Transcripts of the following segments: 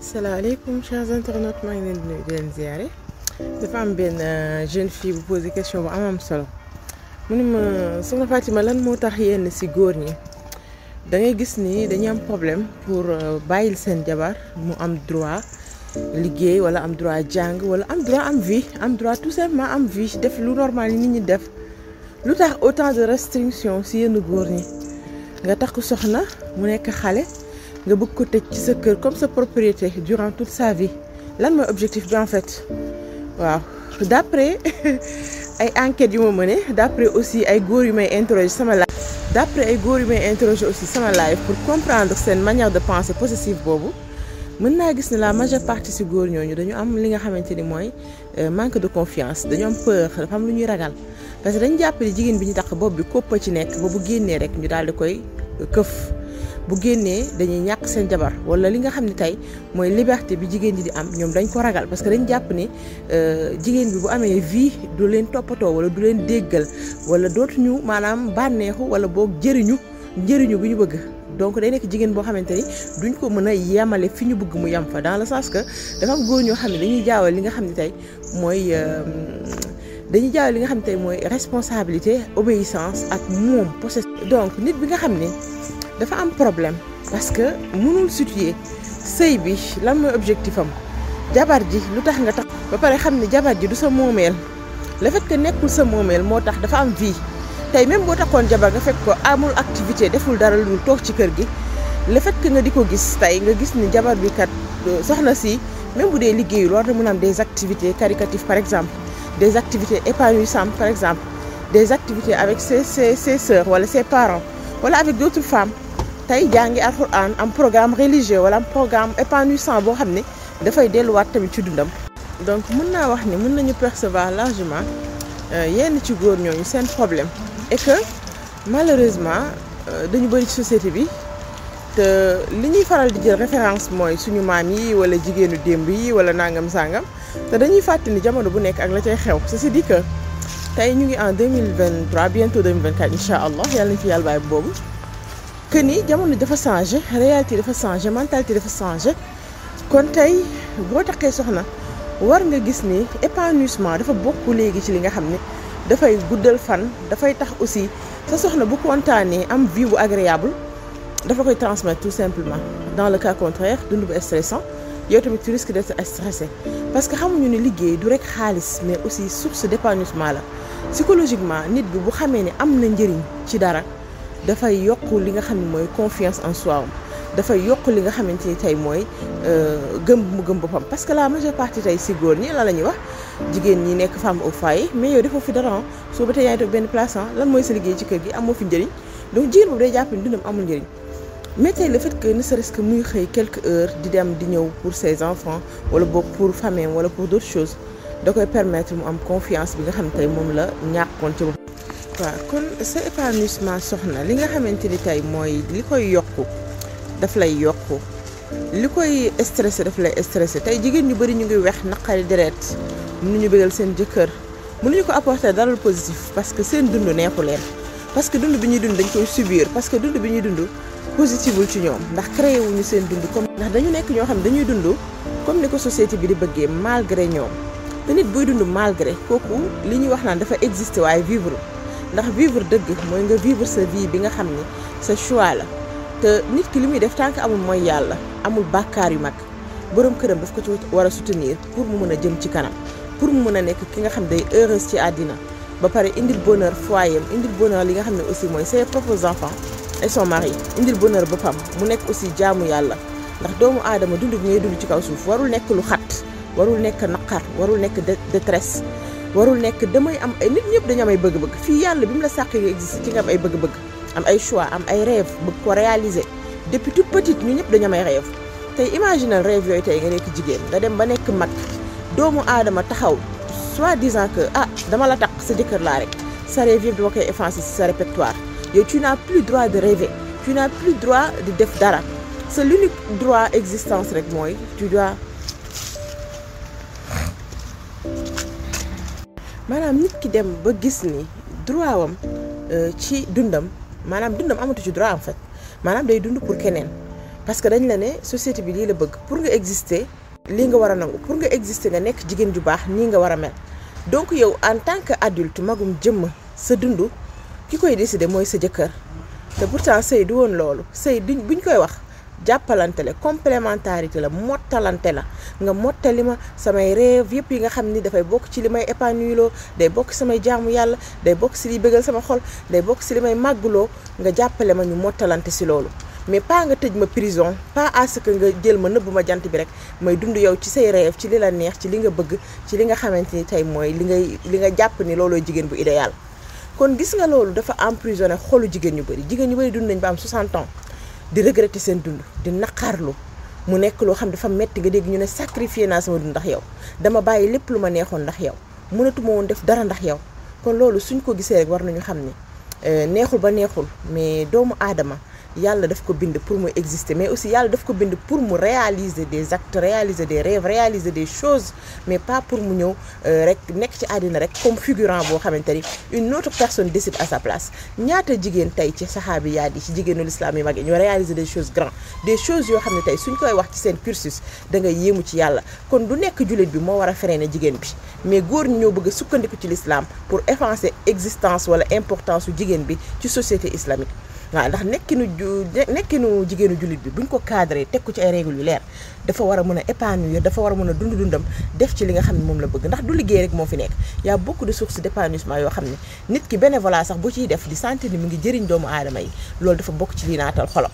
salaamaaleykum chers internautes maa ngi leen di nuyu di leen ziare dafa am benn euh, jeune fille bu posé question bu amam solo mu ne ma lan moo tax yenn ci góor ñi da ngay gis ni dañuy am problème pour euh, bàyyil seen jabar mu am droit liggéey walla am droit jàng walla am droit am vie am droit tout simplement am vie def lu normal yi nit ñi def lu tax autant de restrictions ci yenn góor ñi nga takk soxna mu nekk xale. nga bëgg ko tëj ci sa kër comme sa propriété durant toute sa vie lan mooy objectif bi en waaw d'après ay enquêtes yu ma mënee d'après aussi ay góor yu may interroger sama live d'après ay góor yu may interroger aussi sama live pour comprendre seen manière de penser possessive boobu mën naa gis ne la majeure partie ci góor ñooñu dañu am li nga xamante ni mooy euh, manque de confiance dañu am peur dafa am lu ñuy ragal parce que dañ jàpp jigéen bi ñu tax bopp bi kopp ci nekk ba génnee rek ñu daal koy euh, këf. bu génnee dañuy ñàq seen jabar wala li nga xam ni tey mooy liberté bi jigéen ji di am ñoom dañ ko ragal parce que dañ jàpp ni euh, jigéen bi bu amee vie du leen toppatoo wala du leen déggal wala dootuñu maanaam bànneexu wala boog jëriñu njëriñu bu ñu bëgg donc day nekk jigéen boo xamante ni duñ ko mën a yemale fi ñu bëgg mu yem fa dans le sens que dafa am góor ñoo xam ne dañuy jaawal li nga xam ne tey mooy euh, dañuy jaawal li nga xam ne tey mooy responsabilité obéissance ak moom possession donc nit bi nga xam ne dafa am problème parce que mënul situer sëy bi lan mooy objectif am jabar ji lu tax nga tax ba pare xam ne jabar ji du sa moomeel le fait que nekkul sa moomeel moo tax dafa am vie tey même boo taxoon jabar nga fekk ko amul activité deful dara lu toog ci kër gi le fait que nga di ko gis tey nga gis ni jabar bi kat euh, soxna si même bu dee liggéeyul war na mën am des activités caritatives par exemple des activités épanouissantes par exemple des activités avec ses ses ses sœurs wala ses parents wala avec d'autres tey ngi jàngi alxuraan am programme religieux wala am programme épanouissant boo xam ne dafay delluwaat tamit ci dundam. donc mun naa wax ni mën nañu percevoir largement euh, yenn ci góor ñoo ñu seen problème et que malheureusement euh, dañu bëri ci société bi te li ñuy faral di jël référence mooy suñu maam yi wala jigéenu démb yi wala nangam sangam te dañuy fàttali jamono bu nekk ak la cay xew ceci dit que tey ñu ngi en 2023 bientôt 2024 incha allah yàlla nañu yàlla bàyyi boobu. que jamono dafa changé réalité dafa changé mentalité dafa changé kon tey boo taxee soxna war nga gis ni épanouissement dafa bokk léegi ci li nga xam ne dafay guddal fan dafay tax aussi sa soxna bu kontaanee am vie bu agréable dafa koy transmettre tout simplement dans le cas contraire dund bu stressant yow tamit tu risques d'être stressé parce que xamuñu ne liggéey du rek xaalis mais aussi source d'épanouissement la psychologiquement nit bi bu xamee ne am na njëriñ ci dara dafay yokk li nga xam ne mooy confiance en soi dafay yokk li nga xamante ni tey mooy euh, gëm mu gëm boppam parce que la majeure partie tey si góor ñi la la ñuy wax jigéen ñi nekk femme au foyer mais yow fi dara ah. soo ba benn place ah, lan mooy sa liggéey ci kër gi amoo fi njëriñ donc jigéen boobu day jàpp ni amul njëriñ mais le fait que ne serait muy xëy quelques di dem di ñëw pour ses enfants wala boog pour famille wala pour d'autres choses koy permettre mu am confiance bi nga xam ne moom la ñàkkoon ci boppam Papa kon sa épanouissement soxna li nga xamante ni tay mooy li koy yokku daf lay yokk li koy stressé daf lay stressé tey jigéen ñu bëri ñu ngi wex naqari deret nu mënuñu bëggal seen jëkkër mënuñu ko apporter dara lu positif parce que seen dund neexu leen parce que dund bi ñuy dund dañ koy subir parce que dund bi ñuy dund positiful ci ñoom ndax créé wuñu seen dund comme ndax dañu nekk ñoo xam ne dañuy dund comme ni ko société bi di bëggee malgré ñoom te nit buy dund malgré kooku li ñuy wax naan dafa exister waaye vivre ndax vivre dëgg mooy nga vivre sa vie bi nga xam ni sa choix la te nit ki li muy def tànk amul mooy yàlla amul bàkkaar yu mag borom këram daf ko ci war a soutenir pour mu mën a jëm ci kanam pour mu mën a nekk ki nga xam day heureuse ci àddina ba pare indi bonheur foyer indi bonheur li nga xam ne aussi mooy ses propres enfants et son mari indil bonheur boppam mu nekk aussi jaamu yàlla ndax doomu aadama dund bi ngay dund ci kaw suuf warul nekk lu xat warul nekk naqar warul nekk détresse warul nekk damay am ay nit ñëpp dañu am ay bëgg-bëgg fii yàlla bi mu la sàq nga existe ci nga am ay bëgg-bëgg am ay choix am ay rêve bëgg ko réaliser depuis toute petite ñu ñëpp dañu am ay rêve tey imaginal rêve yooyu tey nga nekk jigéen nga dem ba nekk mag doomu aadama taxaw soit disant que ah dama la taq sa jëkkër laa rek sa rêve yëpp dama koy effacer si sa répertoire yow tu n'as plus droit de rêver tu n'as plus droit de def dara sa l'unique droit existence rek mooy tu maanaam nit ki dem ba gis ni droit wam euh, ci dundam maanaam dundam amatu ci droit am fait maanaam day dund pour keneen parce que dañ la ne société bi lii la bëgg pour nga exister li nga war a nangu pour nga exister nga nekk jigéen ju baax nii nga war a mel donc yow en tant que adulte magum jëmm sa dund ki koy décider mooy sa jëkkër te pourtant sëy du woon loolu sëy duñ buñ koy wax jàppalante la complémentarité la mottalante la nga mottali ma samay rêve yëpp yi nga xam ni dafay bokk ci li may épanouiloo day bokk samay jaamu yàlla day bokk si li bëggal sama xol day bokk si li may màgguloo nga jàppale ma ñu mottalante si loolu mais pas nga tëj ma prison pas à ce nga jël ma nëbb ma jant bi rek may dund yow ci say rêve ci li la neex ci li nga bëgg ci li nga xamante ni tey mooy li ngay li nga jàpp ni looloo jigéen bu idéal kon gis nga loolu dafa emprisonné xolu jigéen ñu bëri jigéen ñu bëri dund nañ ba am 60 ans di regretter seen dund di naqarlu mu nekk loo xam dafa metti nga dégg ñu ne sacrifié naa sama dund ndax yow dama bàyyi lépp lu ma neexoon ndax yow mënatuma woon def dara ndax yow kon loolu suñ ko gisee rek war nañu xam ne euh, neexul ba neexul mais doomu aadama yàlla daf ko bind pour mu exister mais aussi yàlla daf ko bind pour mu réaliser des actes réaliser des rêves réaliser des choses mais pas pour mu ñëw euh, rek nekk ci àddina rek comme figurant boo xamante ni une autre personne décide à sa place ñaata jigéen tey ci saxaabi yaa di ci jigéenu lislaam yi mag yi ñoo réaliser des choses grandes des choses yoo xam ne tey suñ koy wax ci seen cursus da nga yéemu ci yàlla kon du nekk jullit bi moo war a freiné jigéen bi mais góor ñi bëgg a l'islam pour effacer existence wala importance su jigéen bi ci société islamique waaw ndax nekkinu nekkinu jigéenu jullit bi buñ ko cadré teg ko ci ay règles leer dafa war a mën a épanouir dafa war a mën a dund dundam def ci li nga xam ne moom la bëgg ndax du liggéey rek moo fi nekk y a beaucoup si sources d'épanouissement yoo xam ne nit ki bénévolat sax bu ciy def di sentir ni mu ngi jëriñ doomu aadama yi loolu dafa bokk ci lii naatal xolam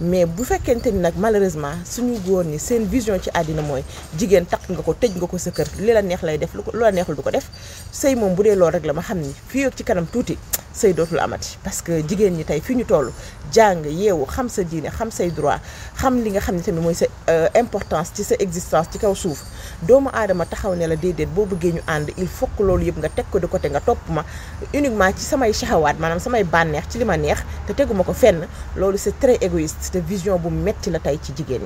mais bu fekkente ni nag malheureusement suñu góor ñi seen vision ci àddina mooy jigéen takk nga ko tëj nga ko sa kër li la neex lay def lu la neexul du ko def sëy moom dee loolu rek la ma xam ni fii ak ci kanam tuuti sëy dootul amati parce que jigéen ñi tey fi ñu toll jàng yeewu xam sa diine xam say droit xam li nga xam ne tamit mooy sa euh, importance ci sa existence ci kaw suuf doomu aadama taxaw ne la déedéet boo bëggee ñu ànd il faut que loolu yëpp nga teg ko de côté nga topp ma uniquement ci samay shahawaat maanaam samay bànneex ci li ma neex te teguma ko fenn loolu c'est très égoïste te vision bu metti la tey ci jigéen